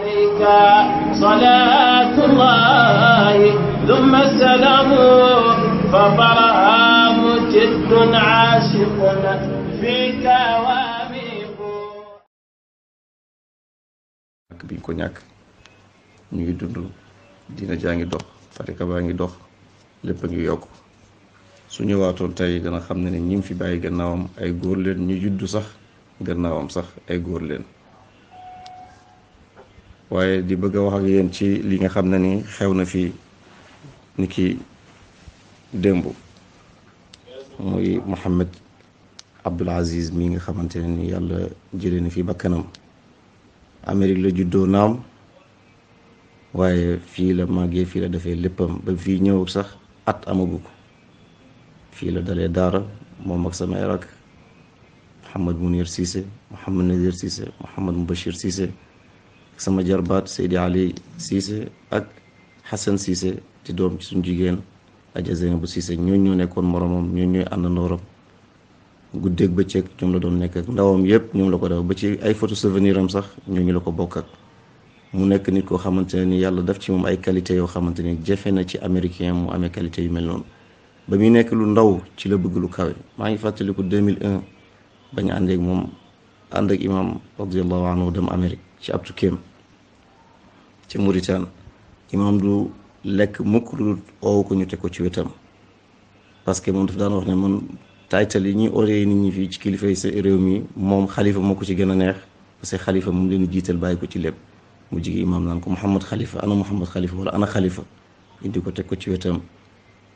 عليك صلاة الله ثم السلام فطرها مجد عاشق فيك واميق biñ ko ñàkk ñu ngi dund dina jaa ngi dox tarika baa ngi dox lépp a ngi yokk su ñëwaatoon tey dana xam ne ne ñim fi bàyyi gannaawam ay góor leen ñu juddu sax gannaawam sax ay góor leen waaye di bëgg a wax ak yéen ci li nga xam ne ni xew na fii ni ki démb muy Mohammed Abdul Aziz mi nga xamante ne ni yàlla jëlee na fi bakkanam Amérique la juddoo naam waaye fii la màggee fii la defee léppam ba fii ñëw sax at amagu ko fii la dalee daara moom ak samay rak Mohammed Munir Cissé Mohammed Nadir Cissé ba Mubashir Cissé sama jarbaat Seydi Ali Cissé ak Hassan Cissé di doom ci suñu jigéen Adja bu Cissé ñooñu ñoo nekkoon moromam ñooñu ñooy àndandooram guddeeg bëccëg ñoom la doon nekk ndawam yëpp ñoom la ko def ba ci ay photo souvenir am sax ñooñu la ko bokk mu nekk nit koo xamante ne ni yàlla def ci moom ay qualité yoo xamante ni jafe na ci américain mu amee qualité yu mel noonu ba muy nekk lu ndaw ci la bëgg lu kawe maa ngi fàttaliku 2001 bañ àndeeg moom ànd ak imam radiallahu anhu dem Amérique ci ab tukkeem ci Mauritanie imam du lekk mukk lu oowu ko ñu teg ko ci wetam parce que moom daf daan wax ne man taytal yi ñuy oree nit ñi fii ci kilifa yi réew mi moom xalifa moo ko ci gën a neex parce que xalifa moom leen jiital bàyyi ko ci lépp mu jigi imam naan ko Mouhamed xalifa ana Mouhamed xalifa wala ana xalifa indi ko teg ko ci wetam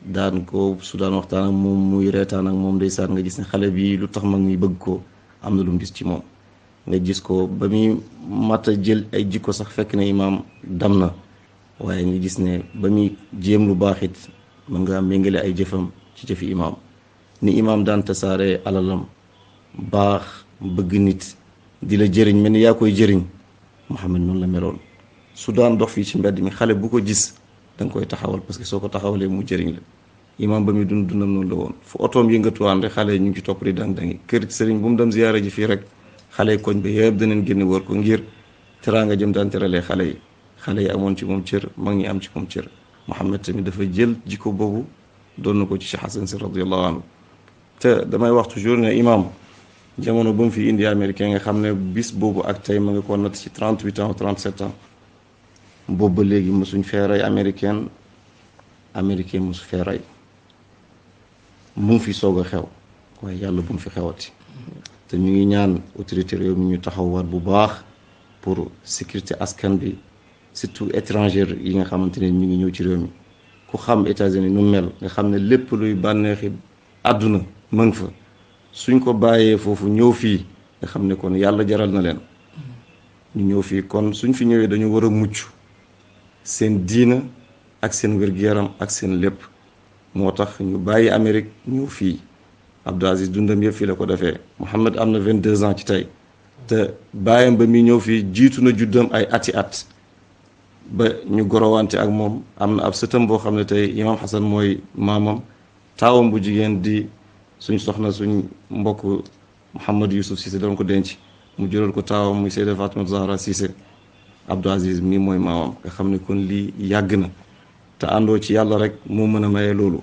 daan ko su daan waxtaan ak moom muy reetaan ak moom ndeysaan nga gis ne xale bi lu tax mag ñi bëgg ko am na lu mu gis ci moom nga gis ko ba muy mat jël ay jikko sax fekk na imaam dam na waaye nga gis ne ba muy jéem lu baax it mën nga méngale ay jëfam ci jëfi imaam ni imaam daan tasaare alalam baax bëgg nit di la jëriñ mel ni yaa koy jëriñ Muhammad noonu la meloon su daan dox fii ci mbedd mi xale bu ko gis da koy taxawal parce que soo ko taxawalee mu jëriñ la imaam ba muy dund dundam noonu la woon fu otoom yëngatuwaan rek xale yi ñu ngi ci topp di dang dangi kër sëriñ bu mu dem ziyaara ji fii rek xale yi koñ ba yëpp daneen génn wër ko ngir teraanga jëm daan teralee xale yi xale yi amoon ci moom cër mag ñi am ci moom cër Muhammad tamit dafa jël jikko boobu doon na ko ci Cheikh Hassan si radiyallahu anhu te damay wax toujours ne imaam jamono ba mu fi indi américain nga xam ne bis boobu ak tey ma nga ko natt ci 38 ans 37 ans boobu ba léegi mosuñ fee rey américain américain mosu fee rey mu ngi fi soog a xew waaye yàlla bu mu fi xewati te ñu ngi ñaan autorité réew mi ñu taxawaat bu baax pour sécurité askan bi surtout étranger yi nga xamante ne ñu ngi ñëw ci réew mi ku xam États-Unis nu mel nga xam ne lépp luy bànneexi àdduna mën fa suñ ko bàyyee foofu ñëw fii nga xam ne kon yàlla jaral na leen ñu ñëw fii kon suñ fi ñëwee dañu war a mucc seen diina ak seen wér gi yaram ak seen lépp moo tax ñu bàyyi Amérique ñëw fii Abdou Aziz dundam yëpp fii la ko defee Mouhamed am na 22 ans ci tey te bàyyam ba muy ñëw fii jiitu na juddam ay ati at ba ñu gorowante ak moom am na ab sëtam boo xam ne tey Imam Hassan mooy maamam taawam bu jigéen di suñ soxna suñ mbokk Mouhamed Youssouf Cissé doon ko denc mu jural ko taawam muy Seyda Fatima Zahra Cissé Abdou Aziz mii mooy maamam nga xam ne kon lii yàgg na te àndoo ci yàlla rek moo mën a maye loolu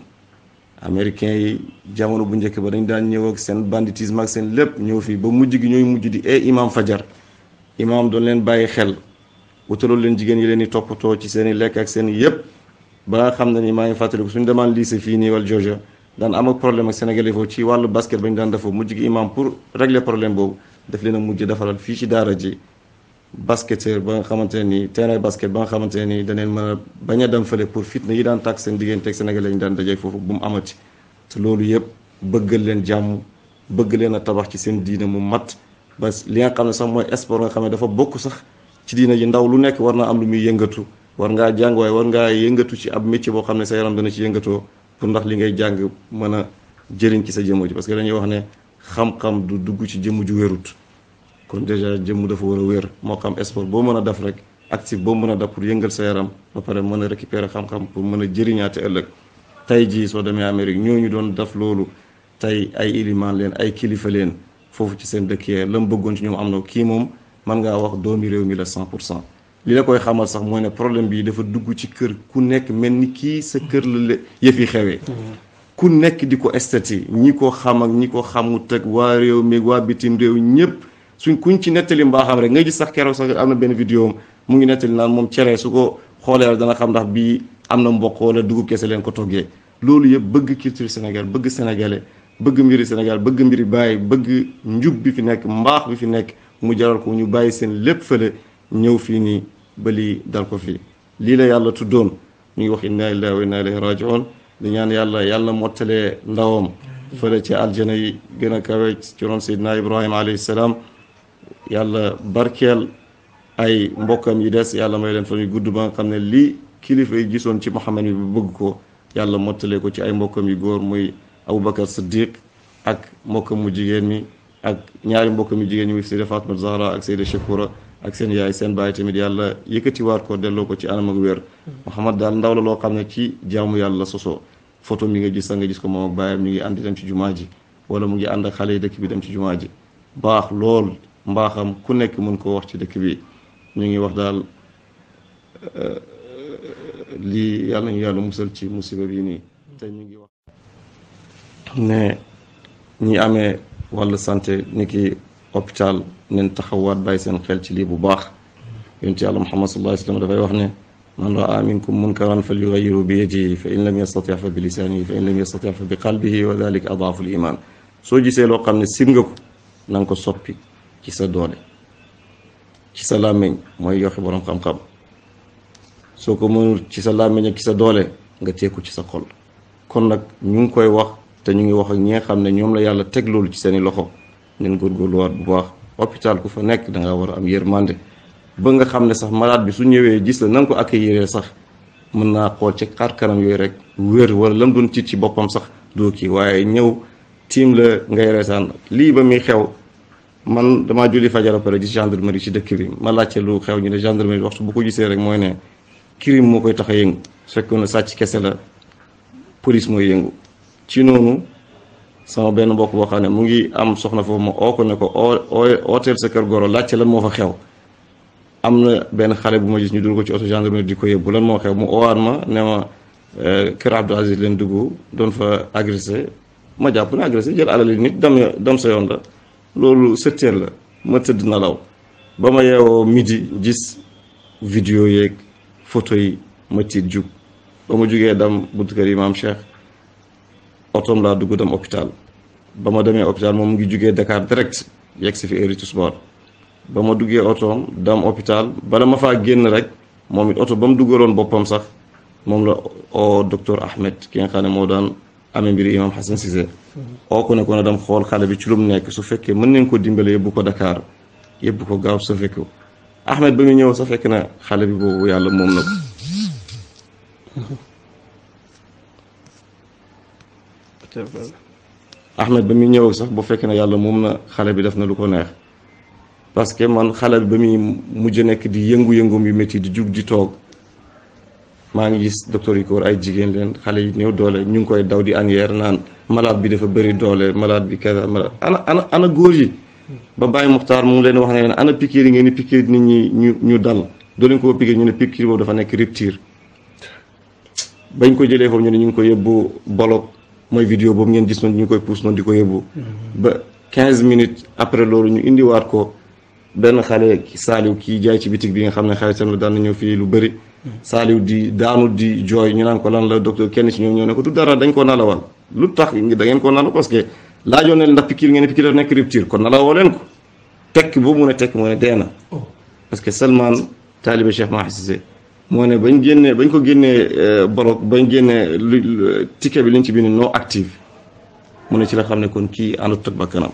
américain yi jamono bu njëkk ba dañ daan ñëw ak seen banditisme ak seen lépp ñëw fii ba mujj gi ñooy mujj di e imam fajar imam doon leen bàyyi xel wutaloo leen jigéen yi leen di toppatoo ci seen i lekk ak seen i yëpp ba nga xam ne ni maa ngi fàttaliku suñu demaan lycée fii nii wala Georgia daan am ak problème ak foofu ci wàllu basket ba ñu daan defoo mujj gi imam pour regle problème boobu daf leen a mujj defaral fii ci daara ji basketteur ba nga xamante ne nii terrain basket ba nga xamante ne nii daneen mën a bañ a dem fële pour fitna yi daan tàkk seen diggante ak Sénégalais yi ñu daan dajee foofu bu mu amati te loolu yëpp bëggal leen jàmm bëgg leen a tabax ci seen diina mu mat ba li nga xam ne sax mooy sport nga xam ne dafa bokk sax ci diina ji ndaw lu nekk war naa am lu muy yëngatu war ngaa jàng waaye war ngaa yëngatu ci ab métier boo xam ne sa yaram dana ci yëngatoo pour ndax li ngay jàng mën a jëriñ ci sa jëmm ji parce que wax ne xam du dugg ci jëmm ju wérut kon dèjà jëmm dafa war a wér moo xam sport boo mën a def rek actif boo mën a def pour yëngal sa yaram ba pare mën a récupérer xam-xam pour mën a jëriñaate ëllëg tey jii soo demee Amérique ñu doon def loolu tey ay ilimaan leen ay kilifa leen foofu ci seen dëkk yee la mu bëggoon ci ñoom am na kii moom mën ngaa wax doomi réew mi la 100 pour cent li la koy xamal sax mooy ne problème bi dafa dugg ci kër ku nekk mel ni kii sa kër la yëf yi xewee ku nekk di ko estati ñi ko xam ak ñi ko xamut ak waa réew mi waa bitim réew ñëpp suñ kuñ ci nettali mbaaxam rek ngay gis sax keroog sax am na benn vidéo mu ngi nettali naan moom cere su ko xoolee dana xam ndax bii am na mboq wala dugub kese leen ko toggee loolu yëpp bëgg culture senegal bëgg sénégalais bëgg mbiri Sénégal bëgg mbiri bàyyi bëgg njub bi fi nekk mbaax bi fi nekk mu jaral ko ñu bàyyi seen lépp fële ñëw fii nii bali lii dal ko fii lii la yàlla tuddoon ñu ngi wax inna lillahi wa inna ilayhi rajiun di ñaan yàlla yàlla mottalee ndawam fële ci aljana yi gën a kawe ci ron Seydina Ibrahima alayhi yàlla barkeel ay mbokkam yi des yàlla may leen fan yu gudd ba xam ne lii kilifa yi gisoon ci Muhammad bi bëgg ko yàlla mottalee ko ci ay mbokkam yu góor muy Aboubacar Siddiq ak mbokkam mu jigéen mi ak ñaari mbokkam yu jigéen ñi muy Sayda Fatma Zahra ak Sayda Shakura ak seen yaay seen baay tamit yàlla yëkkatiwaat ko delloo ko ci anam weer wér. Muhammad daal ndaw loo xam ne ci jaamu yàlla soso foto mi nga gis sax nga gis ko moom ak baayam ñu ngi ànd dem ci jumaa ji wala mu ngi ànd ak xale dëkk bi dem ci jumaa ji mbaaxam ku nekk mën koo wax ci dëkk bi ñu ngi wax daal euh, lii yàlla nañu yàlla musal ci musiba bii nii te ñu ngi wax ne ñi amee wàllu santé ni ki hôpital nen taxawaat bàyyi seen xel ci lii bu baax yonent yàlla muhammad sallallahu alayhi wa sallam dafay wax ne man raa minkum munkaran falyughayyiru bi yadihi fa in lam yastati fa bi lisanihi fa in lam yastati fa bi qalbihi wa dalika adaafu l iman soo gisee loo xam ne sib nga ko na nga ko soppi ci sa doole ci sa làmmiñ mooy yoxi boroom xam-xam soo ko mënul ci sa làmmiñ ak ci sa doole nga teeku ci sa xol kon nag ñu ngi koy wax te ñu ngi wax ak ñi nga xam ne ñoom la yàlla teg loolu ci seeni loxo neen góorgóorluwaat bu baax hôpital ku fa nekk danga war a am mànde ba nga xam ne sax malaat bi su ñëwee gis la nan ko ko accueillir sax mën naa xool ci xar kanam yooyu rek wér wala lam doon tiit ci boppam sax doo kii waaye ñëw tiim la ngay reetaan lii ba muy xew man damaa julli fajar pare gis gendarmerie ci dëkk bi ma laajte lu xew ñu ne gendarmerie waxtu bu ko gisee rek mooy ne crime moo koy tax a yëngu su fekkoon na sàcc kese la police mooy yëngu ci noonu sama benn mbokk boo xam ne mu ngi am soxna foofu ma oo ko ne ko oo oh, oh, ooteel sa kër goro laajte lan moo fa xew am na benn xale bu ma gis ñu ko ci oto gendarmerie di ko yóbbu lan moo xew mu oowaat ma ne ma eh, kër Abdou Aziz leen dugg doon fa agressé ma jàpp ne agressé jël alal nit dam dam sa yoon la loolu sëtteel la ma tëdd nalaw ba ma yeewoo midi gis vidéo yeeg photo yi ma tiit jug ba ma jugee dem buntu kër Imaam Cheikh otoom laa dugg dem hôpital ba ma demee hôpital moom ngi jugee Dakar direct yegg si fi heure tisbaar ba ma duggee otoom dam hôpital bala ma faa génn rek moom it oto ba mu duggaloon boppam sax moom la o docteur Ahmed ki nga ne moo daan amee mbiri imam Hassan Cissé oo ku ne ko na dem xool xale bi ci lu mu nekk su fekkee mën nañ ko dimbalee yóbbu ko dakaar yóbbu ko gaaw sa fekk Ahmed ba mu ñëw sa fekk na xale bi boobu yàlla moom na ko Ahmed muy ñëw sax bu fekkee ne yàlla moom na xale bi def na lu ko neex parce que man xale bi ba muy mujj nekk di yëngu-yëngu yu métti di jug di toog maa ngi gis docteur yi ko ay jigéen leen xale yi néew doole ñu ngi koy daw di anyeer naan malade bi dafa bëri doole malade bi kaza malade ana ana ana góor yi ba Baye Muxtaar mu ngi leen wax ne ana piqûre yi ngeen di piqûre nit ñi ñu ñu dal doo leen ko piqûre ñu ne piqûre boobu dafa nekk rupture bañ ko jëlee foofu ñu ne ñu ngi ko yóbbu bolog mooy vidéo boobu ngeen gis noonu ñu ngi koy pousse noonu di ko yóbbu ba 15 minutes après loolu ñu indiwaat ko benn xale saaliw kii jaay ci bitig bi nga xam ne xaritam la daan na ñëw fii lu bëri saaliw di daanu di jooy ñu naan ko lan la docteur kenn ci ñoom ñoo ne ko du dara dañ ko nalawal lu tax da ngeen ko nalaw parce que laajoon ne ndax piqûre ngeen piqûre daf nekk rupture kon nalawoo leen ko tekk boobu mu ne tekk moo ne dee na oh. parce que Salman taalibe Cheikh Mahi Cissé moo ne bañ génnee bañ ko génnee bloc euh, bañ génnee lu ticket bi liñ ci bind non active mu ne ci la xam ne kon kii àndut ak bakkanam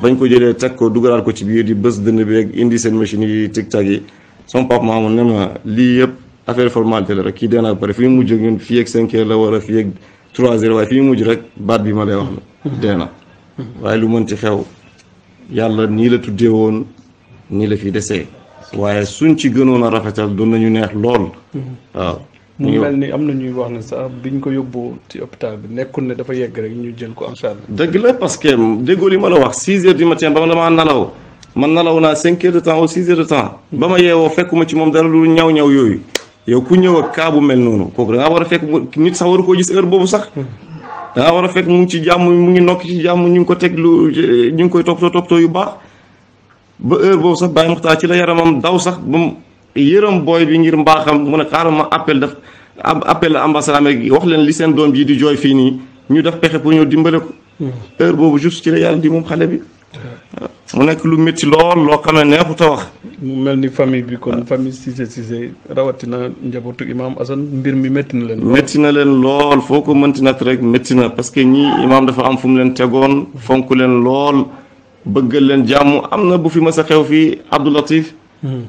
bañ ko jëlee teg ko dugalaat ko ci biir di bës dënd beeg indi seen machine yi tic tac yi sama maamu ne ma lii yëpp affaire formalité la rek kii dee naa pare fi mu mujj fi ñun fii heures la war a fii ak 3 heures waaye fi mu mujj rek baat bi ma lay wax dee na waaye lu mën ci xew yàlla nii la tuddee woon nii la fi desee waaye suñ ci gënoon a rafetal doon nañu neex lool. waaw mu mel ni am na ñuy wax ne sax biñ ko yóbbu ci hôpital bi nekkul ne dafa yegg rek ñu jël ko en charge. dëgg la parce que déggoo li ma la wax 6 heures du matin ba damaa nalaw. man nalaw naa 5 heures de temps ou 6 heures ba ma yeewoo fekkuma ci moom dara lu ñaw ñaw yooyu. yow ku ñëw ak cas mel noonu kooku da war a fekk nit sax waru koo gis heure boobu sax da ngaa war a fekk mu ngi ci jàmm mu ngi nokk ci jàmm ñu ngi ko teg lu ñu ngi koy toppatoo toppatoo yu baax ba heure boobu sax Baye Muxtaar ci la yaramam daw sax ba mu yërëm booy bi ngir mbaaxam mu ne xaaral ma appel daf appel ambassade amérique wax leen li seen doom ji di jooy fii nii ñu def pexe pour ñëw dimbale ko hmm. heure boobu juste ci la yàlla di moom xale bi mu nekk lu métti lool loo xam ne neexut a wax. mu mel ni famille bi kon famille Cissé Cissé rawatina njabootu imaam Assane mbir mi métti na leen. métti na leen lool foo ko mënti rek métti na parce que ñii imaam dafa am fu mu leen tegoon fonk leen lool bëggal leen jàmm am na bu fi mas fii Abdou hmm.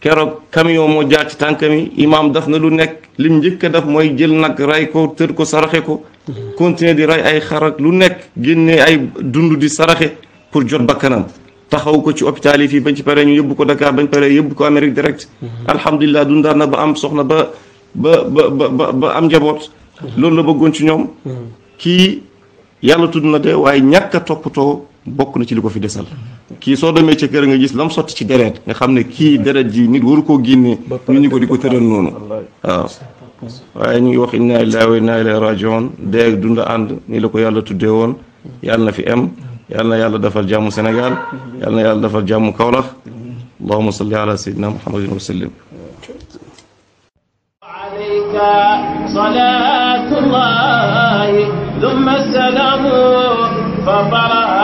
keroog camion moo jaar ci tànkam yi imaam lu nekk lim njëkk a def mooy jël nag rey ko tër ko saraxe ko. Hmm. continuer di rey ay xarak lu nekk génnee ay dund di saraxe pour jot bakkanam taxaw ko ci hôpital yi fii bañ ci paree ñu yóbbu ko Dakar bañ paree yóbbu ko Amérique direct alhamdulilah dundaan na ba am soxna ba ba ba ba ba am njaboot loolu la bëggoon ci ñoom kii yàlla tudd na de waaye ñàkk a toppatoo bokk na ci li ko fi desal kii soo demee ci kër nga gis lam sotti ci deret nga xam ne kii deret ji nit waru koo génnee ñu ñu ko di ko tëral noonu waaw waaye ñu wax inna lillahi wa inna ilayhi rajiun dee dund ànd nii la ko yàlla tuddee woon yàlla na fi am yal na yàlla defal jàmm Sénégal yal na yàlla defal jàmm Kaolack allahuma salli ala sayidina muhammadin wa sallim alayka salatullahi thumma salamu fa